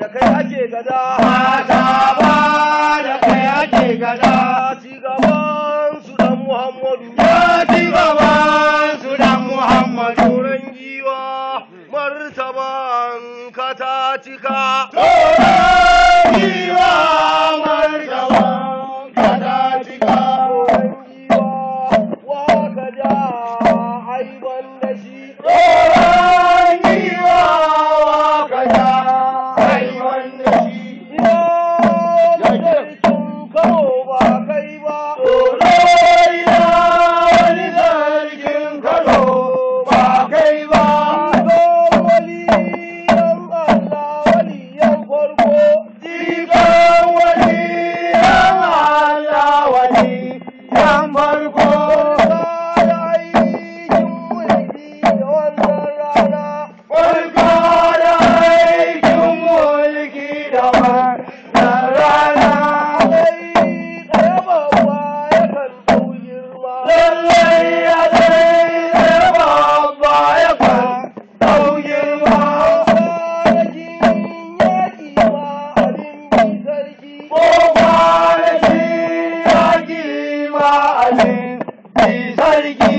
da kai ake gada. Mata ba da kai ake gada. Cigaban su dan Muhammadu. Ya cigaban su dan Muhammadu. Turan giwa martaban ka ta cika. Turan giwa. Kalbim bir sergi